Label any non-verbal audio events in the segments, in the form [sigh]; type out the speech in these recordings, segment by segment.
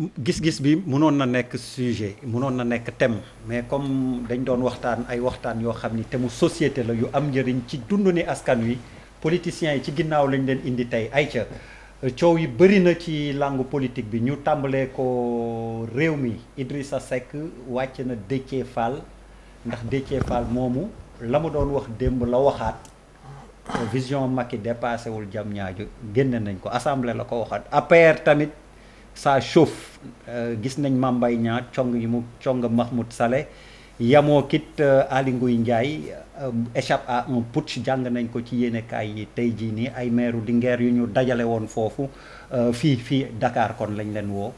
gis-gis bi mënoon na nekk sujet munoon na nekk tem mais comme dañ doon waxtaan ay waxtaan yoo xam ni thème mu société la yu am njëriñ ci dund ni askan wi politiciens yi ci ginnaaw lañ leen indi tey ay ca coow yi bëri na ci langue politique bi ñu tàmbalee ko réew mi Idrissa Seck wàcc na Déthié Fall ndax Déthié Fall moomu la mu doon wax démb la waxaat vision Macky i wul jam ñaaju génne nañ ko assemblée la ko waxaat APR tamit. ça chauffe euh, gis nañ Mame Mbaye Niang cong yi mu cong Mahmoud Saleh yamoo kit euh, Aly Ngouille euh, échappe à un putsch jàng nañ ko ci yéenekaay yi tey jii nii ay meeru Linguère yu ñu dajale woon foofu fii fii dakaar kon lañ leen woo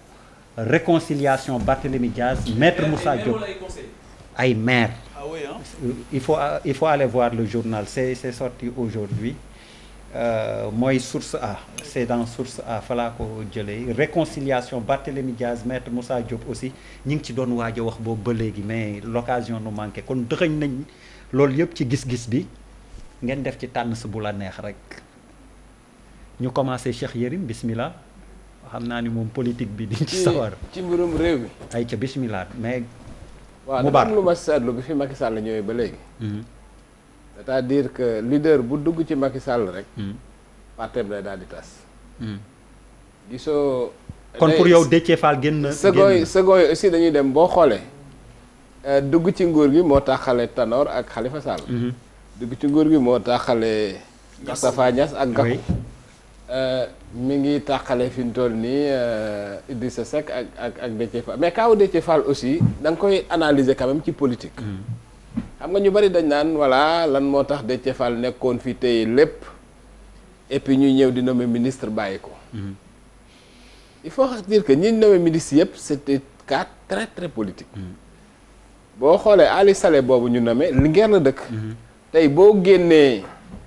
réconciliation Barthélémy Diaz maître Moussa Diop ay maire ah il faut il faut aller voir le journal c'est c'est sorti aujourd'hui Euh, mooy source A c'est dans source A falaa ko jëlee réconciliation Barthélémy Diaz maître Moussa Diop aussi ñi ngi ci doon waaj wax boobu ba léegi mais locasion nu manqué kon dëxëñ nañ loolu yëpp ci gis-gis bi ngeen def ci tànn sa bu la neex rek ñu commencé Cheikh Yérim bismillah xam naa ni moom politique bi di ci sawar ci mbirum réew mi ay ca bismillah mais waaw dafa am lu ma seetlu bi fi Macky Sall ñëwee ba léegi mhm. cest diir que leader bu dugg ci Macky sàll rek. bi hmm. lay daal di tas. Hmm. gisoo. kon pour yow Déthié Fall génn yi segooy segooy aussi dañuy dem boo xoolee. Euh, dugg ci nguur gi moo taxale tanoor ak xalifa Sall. Hmm. dugg ci nguur gi moo taxale. Moustapha Niass ak Gakou. Euh, mu ngi taxale fi mu toll nii euh, Idrissa sa ak ak ak Déthié Fall mais kaawu Déthié Fall aussi da koy analyser quand ci politique. xam nga ñu bari dañ naan voilà lan moo tax de Fall nekkoon fi tey lépp et puis ñuy ñëw di nommer ministre bàyyi ko. Mhm. il faut dire que ñu nommer ministre yëpp c'était cas très très politique. Mhm. boo xoolee Ali Saleh boobu ñu li Linguère la dëkk. Mhm. tey boo génnee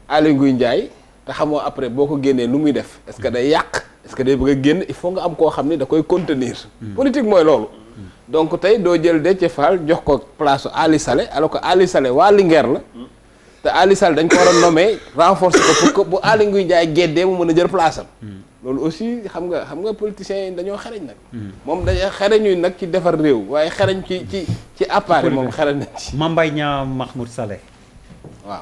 Aly Ngouille Ndiaye te xamoo après boo ko génnee nu muy def. est-ce que day yàq est que day bëgg a génn il faut nga am koo xam ni da koy contenir. politique mooy loolu. donc tey doo jël Déthié Fall jox ko place Ali Saleh ko que waa Linguère la te alisale dañ ko war a nommé renforcer ko pour que bu Ali Nguy Ndiaye géddee mu mën a jël place am loolu aussi xam nga xam nga politiciens yi dañoo xereñ nag moom dañoo xereñuy nag ci defar réew waaye xereñ ci ci ci appareil moom xereñ nañ ci Mame Mbaye Niang Mahmoud Saleh waaw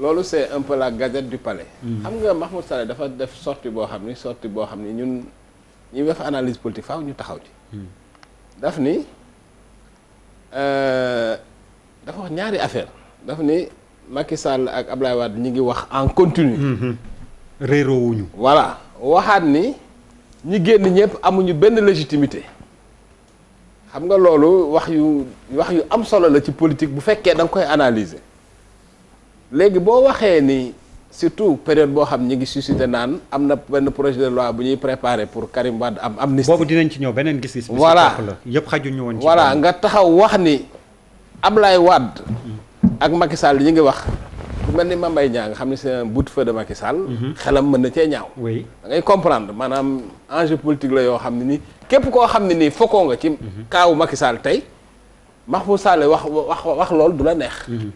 loolu c'est un peu la gazette du palais hmm. xam nga Mahmoud Saleh dafa def sorti boo xam ni sorti boo xam ni ñun ñi def analyse politique faaw ñu taxaw ci hmm. daf ni euh, dafa wax ñaari affaire daf ni Macky Sall ak Ablaye Wade ñi ngi wax en continu. Mhm. réeroo wuñu voilà waxaat ni ñi génn ñëpp amuñu benn légitimité xam nga loolu wax yu wax yu am solo la ci politique bu fekkee da nga koy analyser léegi boo waxee ni. surtout période boo xam ñi ngi suscité naan am na benn projet de loi bu ñuy préparé pour Karim Wade am am amnistie boobu dinañ ci ñëw beneen gis-gis voilà yëpp xajuñu woon ci voilà nga taxaw wax ni Ablaye Wade ak Macky Sall ñi ngi wax ku mel ni Mame Mbaye Niang nga xam ne c'est un de feu de Macky mhm. xelam mën na cee ñaaw oui comprendre maanaam enjeu politique la yoo xam ne ni képp koo xam ne nii fokkoo nga ci mhm. kaawu Macky Sall tey Mahfouz Sall wax wax wax loolu du la neex mhm.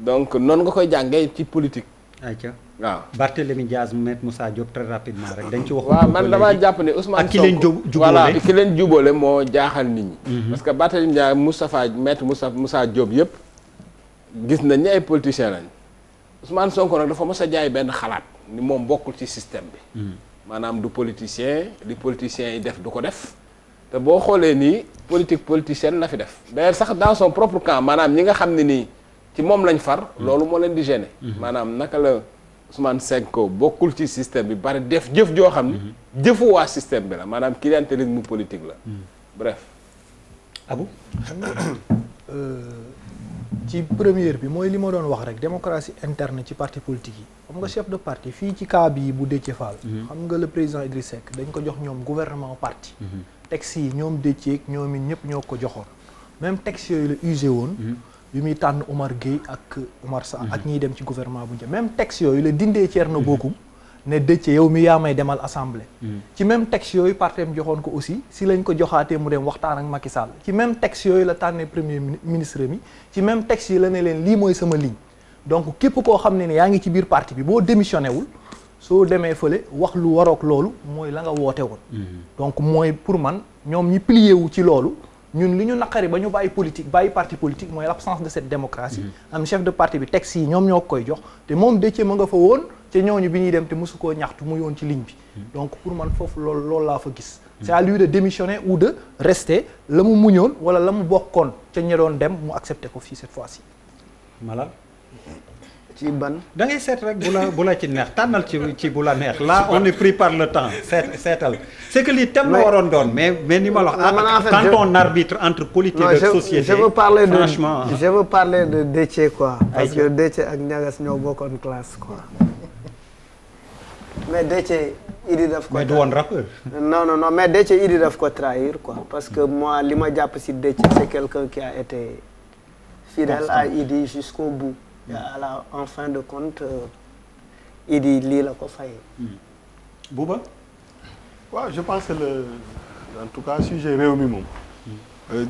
donc noonu nga koy jàngee ci politique ayca waaw Barthélémy Diaz Maître Moussa Diop très rapidement rek dañ ci wax. waaw man damaa jàpp ne Ousmane Sonko ak ki leen jubóole voilà ki leen jubóole moo jaaxal nit ñi. Mhm. parce que Barthélémy Diaz Moustapha Maître Moussa Moussa gis na ne ay politiciens lañ Ousmane Sonko nag dafa mës a jaay benn xalaat ni moom bokkul ci système bi. Mhm. maanaam du politicien li politiciens yi def du ko def. te boo xoolee nii politique politicienne la fi def d'ailleurs sax dans son propre camp maanaam ñi nga xam ne nii ci moom lañ far mm-hmm. loolu moo leen di gêner mm-hmm. maanaam naka la Ousmane Sonko bokkul ci système bi bari def jëf joo xam ni mm-hmm. jëfu waa système bi la maanaam clientélisme politique la mm. bref abou euh, ci première bi mooy li ma doon wax rek démocratie interne ci parti politique yi xam nga chef de parti fii ci cas yi bu Déthié Fall xam nga le président Idriss Seck dañ ko jox ñoom gouvernement parti texte yi ñoom Déthié ñoom it ñëpp ñoo ko joxoon même texte yooyu la usé woon bi muy tànn Omar Gueye ak Omar Sarr ak ñiy dem ci gouvernement bu njëkk même texte yooyu la dindee ceer na mhm. Bocoum ne Déthié yow mi yaa may demal assemble mhm. ci même texte yooyu partem joxoon ko aussi si lañ ko joxaate mu dem waxtaan ak Macky Sall ci même texte yooyu la tànnee premier ministre mi ci même texte yi la ne leen lii mooy sama ligne donc képp koo xam ne ne yaa ngi ci biir parti bi boo démissionné wul soo demee fële wax lu waroog loolu mooy la nga woote woon mhm. man ñoom ñi plié ñun li ñu naqari ba ñu bàyyi politique bàyyi parti politique mooy l'absence de cette démocratie mm-hmm. am chef de parti bi texte yi ñoom ñoo koy jox te moom Déthié ma nga fa woon te ñooñu bi ñuy dem te mosu koo ñaxtu mu yoon ci ligne bi mm-hmm. donc pour man foofu loolu loolu laa fa gis mm-hmm. c'est à lui de démissionner ou de rester la mu muñoon wala la mu bokkoon ca ña doon dem mu accepter ko fii cette fois yi mala ci ban da ngay seet rek bu la bu la ci neex tànnal ci ci bu la neex la on est pris par le temps seet seetal c'est que lii la waroon doon mais mais ni ma la wax ah, quand on arbitre entre politique société je quoi parce que Déthié ak mais Déthié Idi daf ko mais du woon rappeur non mais Déthié Idi daf ko trahir quoi parce que moi li ma jàpp si Déthié c'est quelqu'un qui a été fidèle à Idi jusqu'au bout Mm. à la en fin de compte euh, idi lii la ko fayee. Mm. Bouba. waaw je pense le en tout cas sujet réew mi moom. Mm. Euh,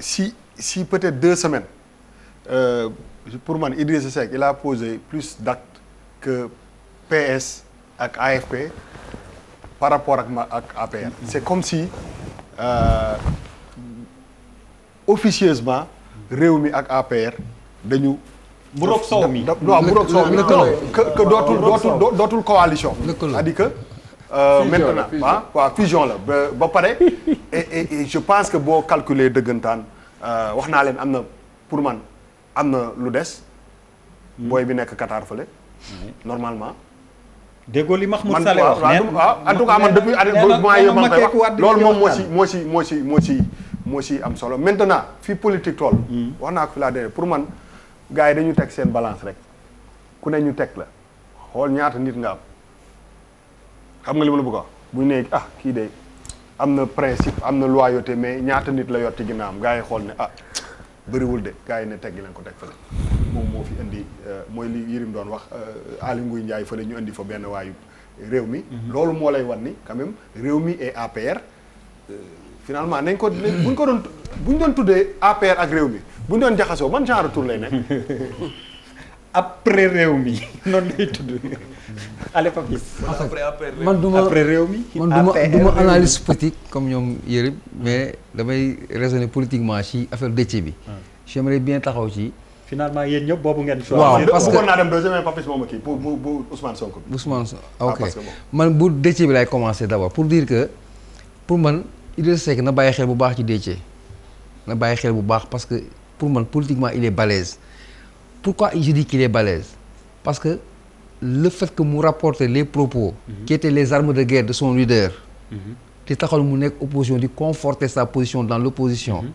si si peut-être deux semaines euh, pour man Idrissa Seck i la posé plus d'actes que PS ak AFP par rapport ak ma ak APR. c'est comme si euh, officieusement réew mi ak APR dañu. bu roog soow mi waaw bu roog soow mi que dootul dootul dootul coalition cest à que euh, maintenant ah waaw fusion la ba pare je pense que boo calculer dëggantaan euh, wax naa leen am na pour man am na lu des booy bi nekk Qatar fële normalement déggoo li Mahmoud Saleh wax ah, en tout cas man depuis année bu ma koy wax loolu moom moo si moo si moo ci moo ci moo si am solo maintenant fi politique tool hmm. wax naa ko fi laa dee pour man gars yi dañu teg seen balance rek ku ne ñu teg la xool ñaata nit nga am xam nga li ma la bëgg a bu ñu nee ah kii de am na principe am na loyauté mais ñaata nit la yor ci ginnaawam gars yi xool ne ah bëriwul de gars yi ne teggi leen ko teg fële moom moo fi indi euh, mooy li Yirim doon wax euh, Aly Ngouille Ndiaye fële ñu indi fa benn waayu réew mi. Mhm. loolu moo lay wan ni quand réew mi et APR euh, finalement nañ ko. buñ ko doon buñ doon tuddee APR ak réew mi. bu ñu doon jaxasoo man genre tur lay nekk. [laughs] après réew mi noonu lay tudd man du ma après mi. man du ma du analyse politique comme ñoom Yérim mais damay raisonner politiquement ci affaire dëcc bi. Ah. j'aimerais bien taxaw ci. finalement yéen ñëpp boobu ngeen. waaw parce que bëggoon naa dem deuxième Papis moom kii pour bu bu Ousmane Sonko. Ousmane Sonko ah, ok man bu dëcc bi laay commencer d'abord pour dire que pour man Idrissa Seck na bàyyi xel bu baax ci dëcc na bàyyi xel bu baax parce pour man politiquement il est balèze pourquoi je dis qu'il est parce que le fait que mu rapporter les propos mm les armes de guerre de son leader mhm. te taxal mu nekk opposition di conforter sa position dans l'opposition mhm.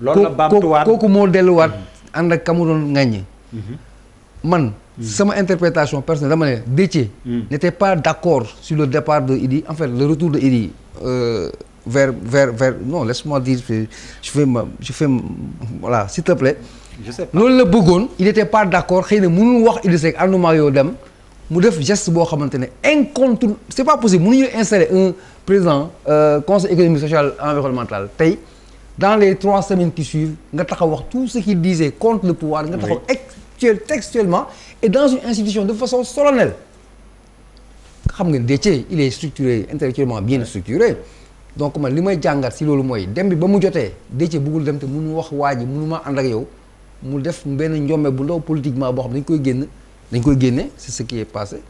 loolu la baamtuwaat kooku moo delluwaat ànd ak kamu doon mhm. man sama interprétation personnelle dama ne Déthié n'était pas d'accord sur le départ de Idi en fait le retour de Idi euh, vers vers vers non laisse-moi dire je fais ma je voilà s'il te loolu la bëggoon. il était pas d'accord xëy na mënul wax Idrissa Seck ànduma dem mu def geste boo xamante ne incontour c'est pas possible mënuñu installer un président euh, conseil économique social environnemental tey dans les trois semaines qui suivent nga taxaw wax tout ce qu'il disait contre le pouvoir. nga taxaw actuel textuellement et dans une institution de façon solennelle. xam nga Déthié il est structuré intellectuellement bien structuré. donc man li may jàngat si loolu mooy dem bi ba mu jotee Déthié bëggul dem te mënu wax waa ji mënu ànd ak yow mu def benn njombe bu ndaw politiquement boo xam dañ koy génn dañ koy génne c'est ce qui est passé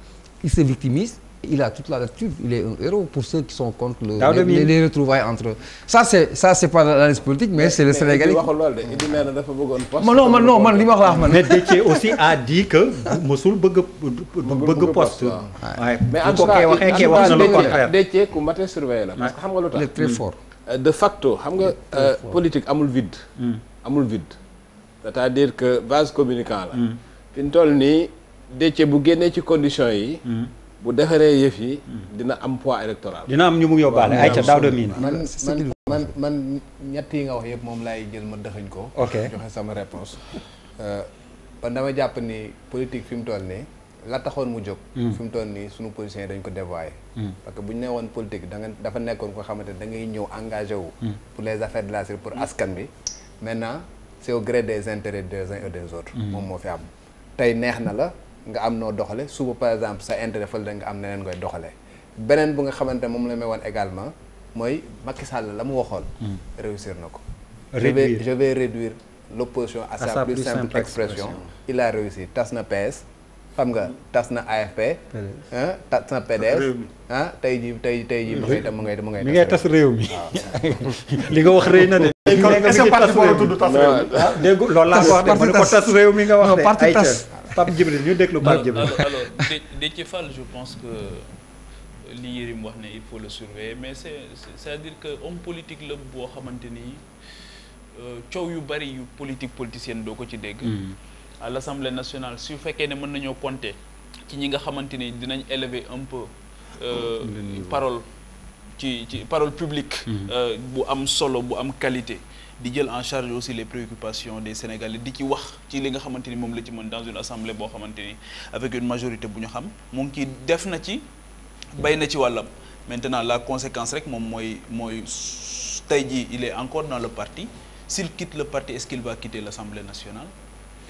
il se victimise il a toute la lecture il est un héros pour ceux qui sont contre le les, entre ça c'est c'est pas l'analyse politique mais c'est le Sénégalais man non man non man ma wax mais Déthié aussi a dit que mosul bëgg bëgg poste waaye mais en tout na le contraire mate surveiller la parce que xam nga lu tax euh, de facto xam nga euh, politique amul vide hmm. amul vide c'est-à-dire que base communicant la hmm. fi ñu toll nii Déthié bu génnee ci conditions yi hmm. bu defaree yëf yi. dina am poids électoral. dina am ñu mu yóbbaale. ay ca daaw de miin man man man ñett yi nga wax yëpp moom laay jël ma dëxëñ ko. ok joxe sama réponse kon euh, dama jàpp ni politique fi mu toll nii la taxoon mu jóg. Hmm. fi mu toll nii sunu politiciens dañ ko dévoyé. Hmm. parce que bu ñu nee woon politique da nga dafa nekkoon ko xamante da ngay ñëw engagé wu. Hmm. pour les affaires de la pour askan bi. maintenant c'est au gré des intérêts des uns et des autres. moom moo fi am tey neex na la. nga am noo doxale suba par exemple sa intérêt fële nga am neneen koy doxalee beneen bu nga xamante moom la may woon également mooy Macky Sall la mu waxoon. Hmm. réussir na ko. réduire je vais réduire l' opposition sa plus simple expression il a réussi na PS. xam nga tas na AFP. Ah, tas na PDS. ah tey jii tey tey jii mu ngay dem mu ngay dem mu ngay dem. mi ngay tas réew mi [laughs] li nga wax rëy na de. léegi [laughs] laa ko wax de ma ne ko tas réew mi nga wax de. parti tas Pape Djibril ñu déglu Pape Djibril alors Déthié fal je pense que li Yérim wax ne il faut le surveiller mais c'est c'est-à-dire que homme politique la boo xamante ni euh, coow yu bari yu politique politicienne doo ko ci dégg hmm. à l'Assemblée nationale su fekkee ne mën nañoo compter ci ñi nga xamante ni dinañ élever un peu euh, parole ci ci parole publique hmm. euh, bu am solo bu am qualité di jël en charge aussi les préoccupations des Sénégalais di ci wax ci li nga xamante ni moom la ci mën dans une assemblée boo xamante ni avec une majorité bu ñu xam mu ngi def na ci bay na ci wàllam maintenant la conséquence rek moom mooy mooy tey jii il est encore dans le parti s'il quitte le parti est-ce qu'il va quitter l'Assemblée nationale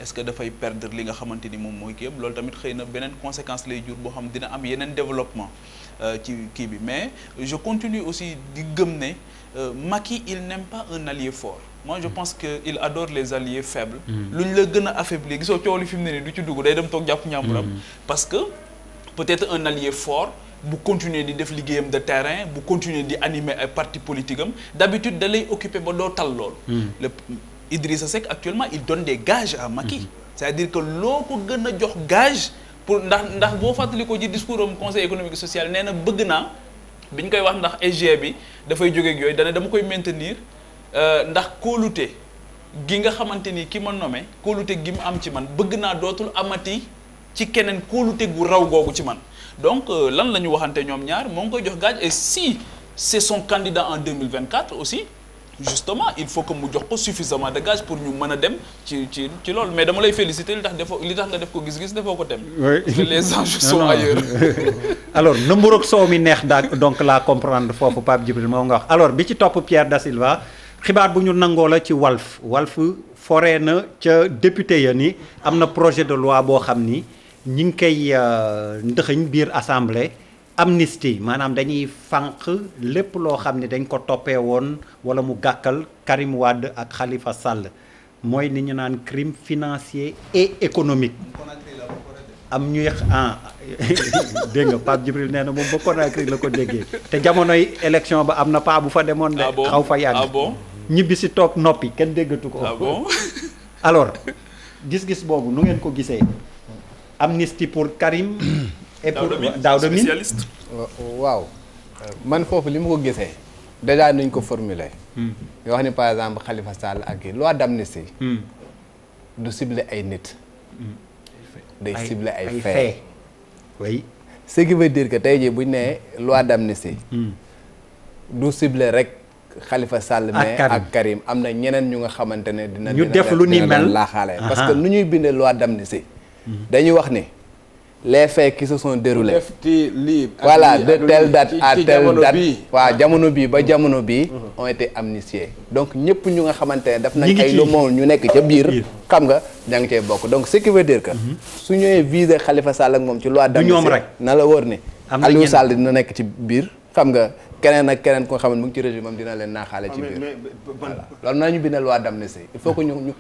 est-ce que dafay perdre li nga xamante ni moom mooy kii yëpp loolu tamit xëy na beneen conséquence lay jur boo xam dina am yeneen développement Euh, ci kii bi mais je continue aussi di gëm ne euh, Macky il n'aime pas un allié fort moi je mm. pense que il adore les alliés faibles mm. lu ñu la gën a affaibli gisoo coow li fi mu ne nii du ci dugg day dem toog jàpp ñàmburam mm. parce que peut-être un allié fort bu continuer di def liggéeyam de terrain bu continuer di animer ay parti politique am d'habitude da lay occuper ba doo tal lool le Idrissa Seck actuellement il donne des gages à Macky mm-hmm. c'est-à-dire que loo ko gën a jox gage pour ndax ndax boo fàttali ci discours am conseil économique social nee na bëgg naa bi ñu koy wax ndax SG bi dafay jóge yooyu dana dama koy maintenir euh, ndax kóolute gi nga xamante ni ki ma nommé kóolute gi mu am ci man bëgg naa dootul amati ci keneen kóolute gu raw googu ci man donc euh, lan la ñu waxante ñoom ñaar moo ngi koy jox gaaj et si c'est son candidat en 2024 aussi justement il faut que mu jox ko suffisamment de gage pour ñu mën a dem ci ci ci mais dama lay féliciter li tax defoo li tax nga def ko gis-gis defoo ko dem. oui les enjeux [laughs] sont ailleurs. [laughs] alors nëmbu roog mi neex daa donc la comprendre foofu Pape Djibril moo nga wax alors bi ci topp Pierre da Silva xibaar bu ñu nangoo la ci Walf Walf foree na ca député ya ni am na projet de loi boo xam ni ñi ngi koy euh, ndëxëñ biir assemblée. amnistie maanaam dañuy fànq lépp loo xam ne dañ ko toppee woon wala mu gàkkal Karim Wade ak xalifa Sall mooy ni ñu naan crime financier et économique am ñu ah [laughs] dégg nga Pape Djibril nee na moom ba Conakry la ko déggee te jamonoy élection ba am na paa bu fa demoon de ah xaw fa yàgg ah ñibbi si toog noppi kenn déggatu ko ah alors gis-gis boobu nu ngeen ko gisee amnistie pour Karim [clears throat] et pour euh, waaw man foofu li mu ko gisee déjà nuñ ko formuler hmm. yoo xam ne par exemple xalifa sàll ak yi loi d'amnistie hmm. du cibler ay nit hmm. day cibler ay faits oui ce tey jii buñ nee loi d'amnistie du sible rek xalifa Sall mais ak Karim am na ñeneen ñu nga xamante ne dina ñu def lu ni mel laaxaale parce que nu ñuy bindee loi d'amnistie dañuy wax ni les faits qui se sont déroulés wala de telle a à telle date waaw jamono bii ba mhm. jamono bii mhm. ont été amnistiés donc ñëpp ñu nga xamante ne def nañ ay lu moom ñu nekk ca biir xam nga ña ngi cee bokk donc ce qui veut dire que mhm. su ñëwee viser xalifa Sall ak moom ci loi d'amnistie na la wóor ne Aliou Sall dina nekk ci biir xam nga keneen ak keneen ko xam ne mu ngi ci régime am dina leen naaxaale ci ah, biir voilà loolu na ñu bindee loi d'amnistie il faut que ñu ñu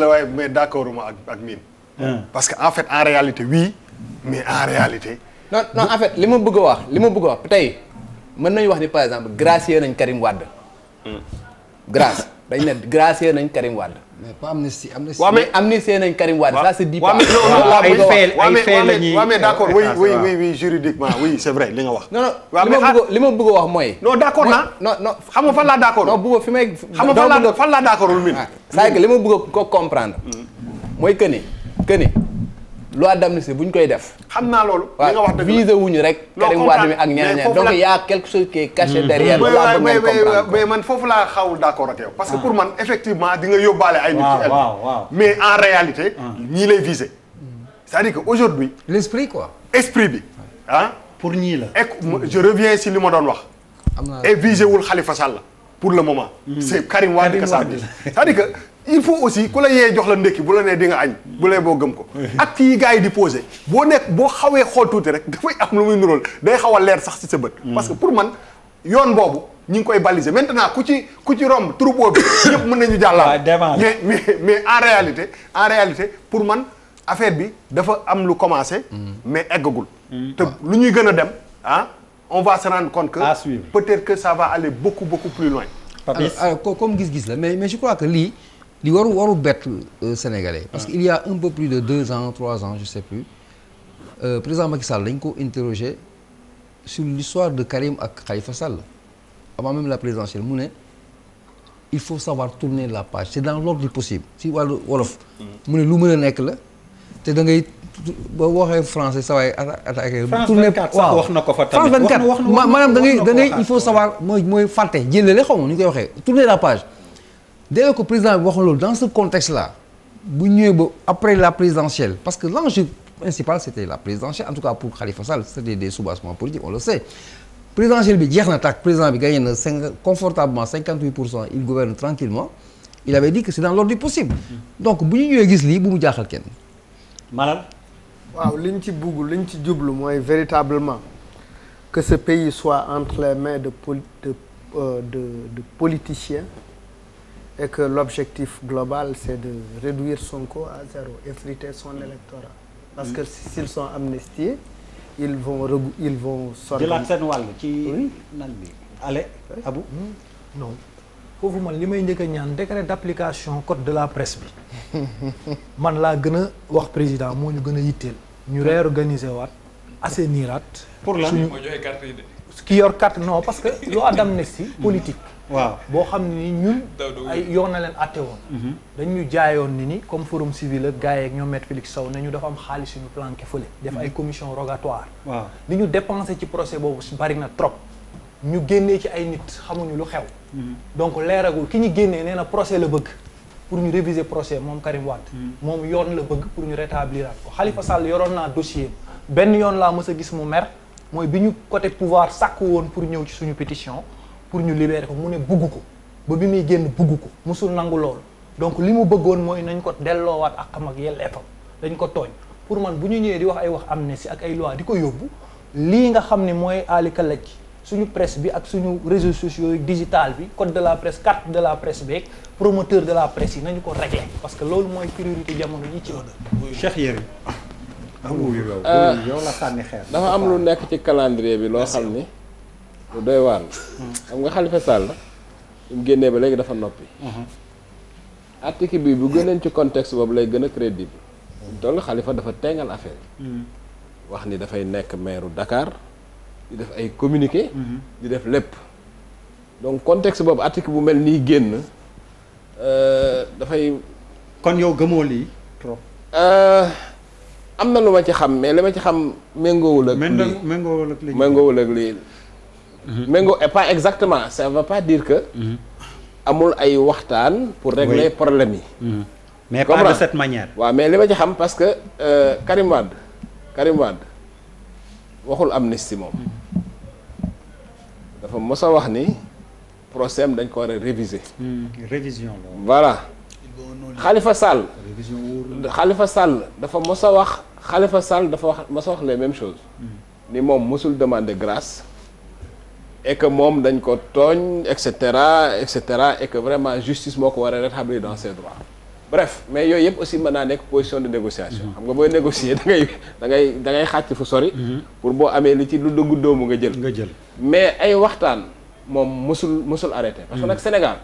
la waaye mais d'accord ak ak miin parce que en fait en réalité oui mais en réalité. non non fait li ma bëgg a wax li ma bëgg a wax tey mën nañu wax ni par exemple gracier nañ Karim Wade. Hmm. grâce dañ ne gracier nañ Karim Wade. mais pas amnistie amnistie. waaw mais amnistie nañ Karim Wade. ça se dit pas. ay fee ay la ñuy li nga wax. non non ah li ma bëgg wax mooy. non d'accord naa. non non xam nga fan laa d'accord. non fi may. xam nga fan laa fan laa d'accordul min. Ah, c'est que li ma bëgg ko comprendre. Hmm. mooy que ni. que ni loi d'amnistie bu ñu koy def. xam naa loolu. li nga wax dëgg visé wuñu rek. Karim Wade mi ak ñeneen ñeneen donc y' quelque chose qui est caché mm. derrière. mais man foofu laa xawul d' a ak yow. parce que ah. pour man effectivement di nga yóbbaale ay. nit ci mais en réalité. Ah. ñii lay sa mm. c' est à dire que aujourd'hui l' esprit quoi. esprit bi ah. pour ñii la. je reviens si li ma doon wax. am vise visé wul Khalifa Sall pour le moment. Mm. c' est Karim il faut aussi ku la yee jox la ndékki bu la nee di nga añ bu lay boo gëm ko [laughs] actes yi gars yi di posé boo nekk boo xawee xool tuuti rek dafay am lu muy nuróol day xaw a leer sax ci sa bët mm. parce que pour man yoon boobu ñu ngi koy baliser maintenant ku ci ku ci romb troupeau bi [coughs] ñëpp mën nañu jàllal mais mais mais en réalité en réalité pour man affaire bi dafa am lu commencé mm. mais eggagul mm. te lu ñuy gën a dem ah on va se rendre compte que peut-être que ça va aller beaucoup beaucoup plus loin Papis gis-gis la mais je crois que lii li waru waru bett euh, sénégalais. Ah. parce que il y a un peu plus de deux ans trois ans je sais plus euh, président Macky Sall dañ ko interroger sur l'histoire de Karim ak Khalifa Sall avant même la présidentielle mu ne il faut savoir tourner la page c'est dans l'ordre du si wàllu wolof. Mm-hmm. mu ne lu mën a nekk la te da ngay boo waxee français saa waay attaqué. wax na ko fa tamit. France 24 maanaam da ngay da ngay il faut savoir mooy mooy fàtte jëlale xaw ma nu ñu koy waxee tourner la page. dès que président bi waxoon loolu dans ce contexte là bu ñëwee ba après la présidentielle parce que l'enjeu principal c'était la présidentielle en tout cas pour Khalifa Sall c'était des soubassements politiques on le sait présidentielle bi jeex na tàkk président bi gagné na cinq confortablement 58 pour cent il gouverne tranquillement il avait dit que c'est dans l'ordre possible donc bu ñu ñëwee gis lii bu mu jaaxal kenn maanaam waaw liñ ci bugg liñ ci jublu mooy véritablement que ce pays soit entre les mains de de de, euh, de, de politiciens et que l'objectif global c'est de réduire Sonko à zéro effriter son mm. électorat parce mm. que s'ils son amnistiés ils vont re ils vont jëlaat seen wàll ci nan bi allez Abou mm. non foofu man li may njëkk a ñaan décret d'application code de la presse bi [laughs] man laa gën a wax président moo ñu gën a yitteel ñu réorganiser waat assainiraat pour la suñu ki yor carte non parce que loi d'amnistie politique waaw boo xam ni ñun. ay yoon na leen àtte woon. Mhm. dañ ñu jaayoon ni ni comme forum civil ak gars yeeg ñoom maître Félix Sow nañu dafa am xaalis suñu planqué fële. def mhm. ay commission rogatoire. waaw li ñu dépensé ci procès boobu bari na trop. ñu génnee ci ay nit xamuñu lu xew. Mhm. donc leeragul ki ñu génnee nee na procès la bëgg. pour ñu réviser procès moom Karim Wade. moom yoon la bëgg pour ñu rétablir ko Khalifa Sall yoroon naa dossier benn yoon laa mës a gis mu mer mooy bi ñu côté pouvoir sàkk woon pour ñëw ci suñu pétition. pour ñu libérer ko mu ne bugg ko ba bi muy génn bugg ko mosul nangu loolu donc li mu bëggoon mooy nañ ko delloowaat ak am ak yelleefam dañ ko tooñ pour man bu ñu ñëwee di wax ay wax am amnistie ak ay loi di ko yóbbu lii nga xam ne mooy aalikalaj gi suñu presse bi ak suñu réseaux sociaux yi digital bi code de la presse carte de la presse beeg promoteur de la presse yi nañu ko régler parce que loolu mooy priorité jamono ji ci woon. Cheikh Yérim. amul euh, yow la sànni xeer. dafa am lu nekk ci calendrier bi loo xam lu doy waar la. xam nga Khalifa Sall. mu génnee ba léegi dafa noppi. article bi bu gëneen ci contexte boobu lay gën a crédible. toll xalifa dafa teengal affaire yi. Hmm. wax ni dafay nekk maire Dakar. di def ay communiqué. Hmm. di def lépp. donc contexte boobu article bu mel nii génn euh, dafay. kon yow gëmoo lii euh, am na lu ma ci xam mais li ak lii. méngoo mhm. et pas exactement ça veut pas dire que. Mhm. amul ay waxtaan. pour régler problème yi. Mhm. mais pas de mais li ma ci xam parce que euh, Karim Wade Karim Wade waxul moom dafa mos wax ni procès am dañ ko war a réviser. révision voilà. Khalifa Sall. révision wóorul dafa mos a wax Khalifa Sall dafa wax mos wax le mêmes choses. ni moom mosul demander grâce. et que moom dañ ko tooñ et cetera et cetera et que vraiment justice moo ko war a rétablir dans ses droits bref mais yooyu yëpp aussi mën naa nekk position de négociation mhm. xam nga booy négocier da ngay da ngay da ngay xàcc fu sori mhm. pour boo amee li ci lu dëgg doomu nga jël nga jël mais ay waxtaan moom mosul mësul arrêté parce que mhm. nag Sénégal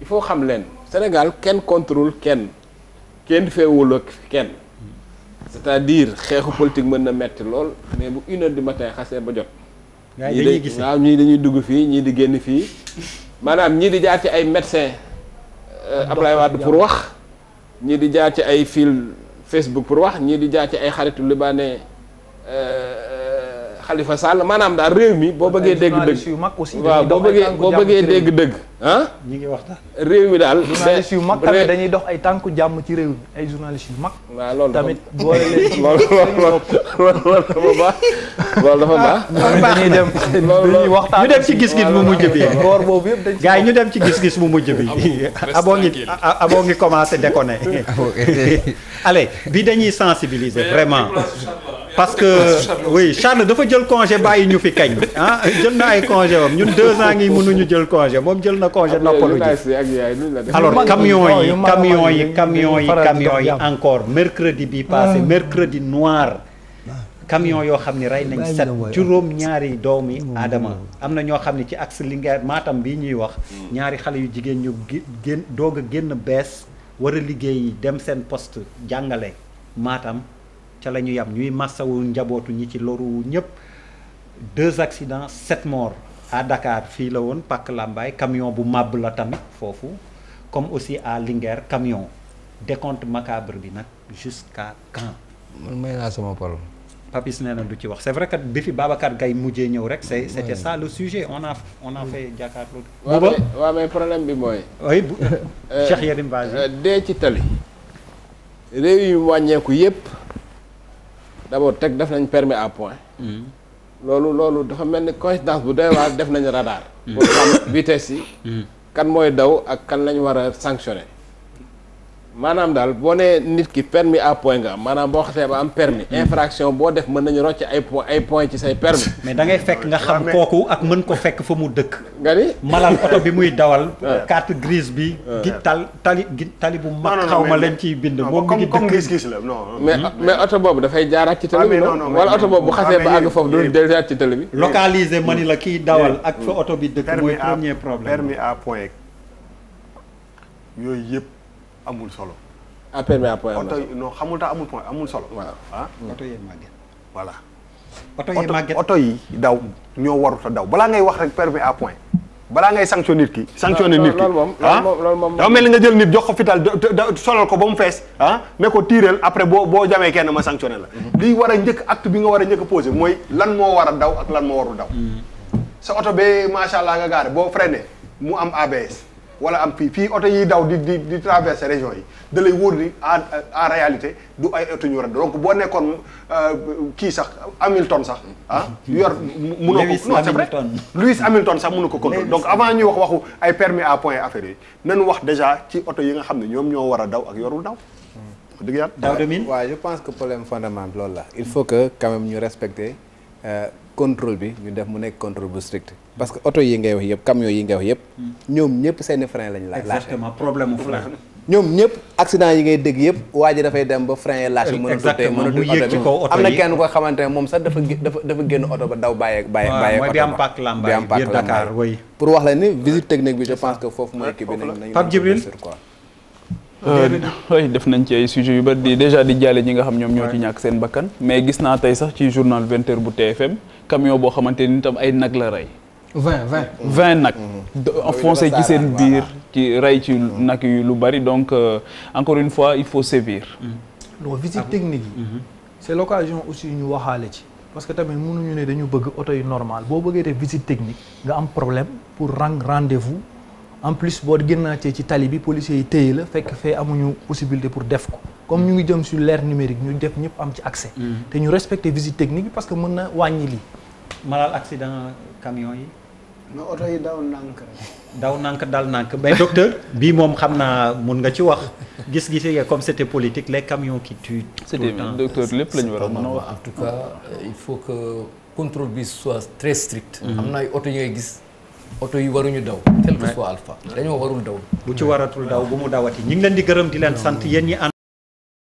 il faut xam leen Sénégal kenn contrôle kenn kenn feewul ak kenn cest à diir xeexu politique mën na metti lool mais bu une heure du matin xasee ba jot ñii dañuy gis waaw ñii dañuy dugg fii ñii di génn fii maanaam ñii di jaar ci ay médecin euh, Ablaye Wade pour wax ñii di jaar ci ay fil Facebook pour wax ñii di jaar ci ay xaritu libanais euh, xalifa Sall maanaam daal réew mi boo bëggee dégg dëgg waaw boo bëggee boo bëggee dégg dëgg ah ngi waxtaan réew mi daal journaliste yu mag tamit dañuy dox ay tànku jàmm ci réew mi ay journaliste yu mag waaw loolu tamit boole leen loolu loolu dafa baax loolu dafa baax ah, dañuy dem [laughs] dañuy waxtaan ñu dem ci gis-gis bu mujj bi boor boobu yëpp dañ yi ñu dem ci gis-gis mu mujj bi aboo ngi aboo ngi commencé déconné [laughs] [laughs] allez bi dañuy sensibiliser vraiment parce que oui Charles dafa jël congé bàyyi ñu fi kañ ah jël na ay congé wam ñun deux ans ngi mënuñu jël congé moom jël na congé noppalu ji alors camion yi camion yi camion yi camion yi encore mercredi bi passé ah. mercredi noir ah. camion yoo xam ne rey nañ set juróom ñaari doomi aadama oh. am na ñoo xam ne ci axe Linguère maatam bii ñuy wax hmm. ñaari xale yu jigéen ñu génn doog a génn bees war a liggéey dem seen post jàngale Matam ca la ñu yam ñuy massawu njabootu ñi ci loru ñëpp deux accidents sept morts à Dakar fii la woon Pàkk Lambaay camion bu màbb la tamit foofu comme aussi à Linguère camion décompte macabre bi nag jusqu'à quand. may naa sama parole. Papis nee na du ci wax c'est vrai que bi fi Babacar Gaye mujjee ñëw rek c'est c'était ça le sujet on a on a fait jàkkaarloo. booba waaw mais problème bi mooy. oui bu euh, Cheikh Yérim Ba euh, dee ci tali. réew yi wàññeeku yépp d' abord teg def nañ permis à point. Hmm. loolu loolu dafa mel ni coïncidence bu doy waar def nañ radar. Hmm. pour xam vitesse yi. Hmm. kan mooy daw ak kan lañu war a sanctionné. maanaam daal boo nee nit ki permis à point nga am maanaam boo xasee ba am permis hmm. infraction boo def mën nañu rocc ay point ay point ci say permis [laughs] mais da ngay fekk nga xam kooku ak mën ko fekk fa mu dëkk nga ni malal oto bi muy dawal [laughs] carte grise bi gi tal tali gi tali bu mag xaw ma leen ciy bind moom mi ngi dëkk gis-gis la hmm? mais oto boobu dafay jaaraat ci tali bi ah, wala oto boobu bu ah, xasee ba àgg foofu du delluwaat ci tali bi localiser ma ni la kiy dawal ak fa oto bi dëkk mooy premier problème permis à point yooyu yëpp amul solo. ah permis à point amul solo oto non xamul tax amul point amul solo. waaw ah oto yee màgget. voilà. oto yee màgget oto yi daw ñoo warut a daw balaa ngay wax rek permis à point. balaa ngay sanction nit ki. sanctionné nit ki ah dafa mel ni nga jël nit jox ko fital solal ko ba mu fees ah ne ko tiireel après boo boo jamee kenn ma sanctionné la. Mhm. liy war a njëkk acte bi nga war a njëkk posé mooy lan moo war a daw ak lan moo warul daw. Mhm. sa oto bee macha allah nga gaare boo freiné mu am ABS. wala am fii fii oto yiy daw di di di traversé région yi dalay lay wóor ni en réalité du ay oto ñu war donc boo nekkoon euh, kii sax Hamilton sax ah yor munoo ko non c'est vrai Lewis Hamilton sax mënu ko contrôler donc avant ñuy wax waxu ay permis à point affaire yi nañu wax déjà ci oto yi nga xam ne ñoom ñoo war a daw ak yorul daw dëgg yàlla daw de mine pense que problème fondamental loolu la il faut que quand ñu respecter contrôle bi ñu def mu nekk contrôle bu strict parce que oto yi ngay wax yëpp camion yi ngay wax yëpp. ñoom ñëpp seeni frein lañ laaj. exactement problème mu frein. yi ngay dégg yëpp waa ji dafay dem ba frein yi lâché. exactement mu yëg bi am na kenn koo xamante ne moom sax dafa dafa dafa génn oto ba daw bàyyee bàyyee. bàyyee oto bi am pàcc lambaay bi biir Dakar oui. pour wax la ni visite technique bi je pense que foofu mooy. kii bi nañu nañu Pape Djibril Euh, def nañ ci ay sujet yu bari di déjà di jaale ñi nga xam ñoom ñoo ci ñàkk seen bakkan mais gis naa tey sax ci journal 20h bu TFM camion boo xamante ni tam ay nag la rey. 20 20 vingt nag. Mhm. enfoncé ci seen biir ci rey ci mhm. nag yu lu bari donc euh, encore une fois il faut sévir. Mhm. loo visite ah technique yi. c'est l'occasion aussi ñu waxaale ci. parce que tamit mënuñu ne dañu bëgg oto yu normal boo bëggee def visite technique nga am problème pour rang rendez-vous. en plus boo génnaatee ci tali bi policiers yi téye la fekk fee amuñu possibilité pour def ko comme ñu ngi jëm sur l'ère numérique ñu def ñëpp am ci accès mm-hmm. te ñu respecter visite technique bi parce que mën na wàññi lii ma accident camion yi no oto yi daw nànk daw nank daal nànk mais docteur bii moom xam naa mun nga ci wax gis gi yi comme c'était politique les camions qui tuent tout le temps docteur lépp la ñu war a a wax en tout cas il faut que contrôle bi soit très strict xam mm-hmm. naa gis oto yi waruñu daw. quel que alpha dañoo warul daw. bu ci waratul daw bu mu dawati ñu ngi leen di gërëm di leen sant yéen ñi ànd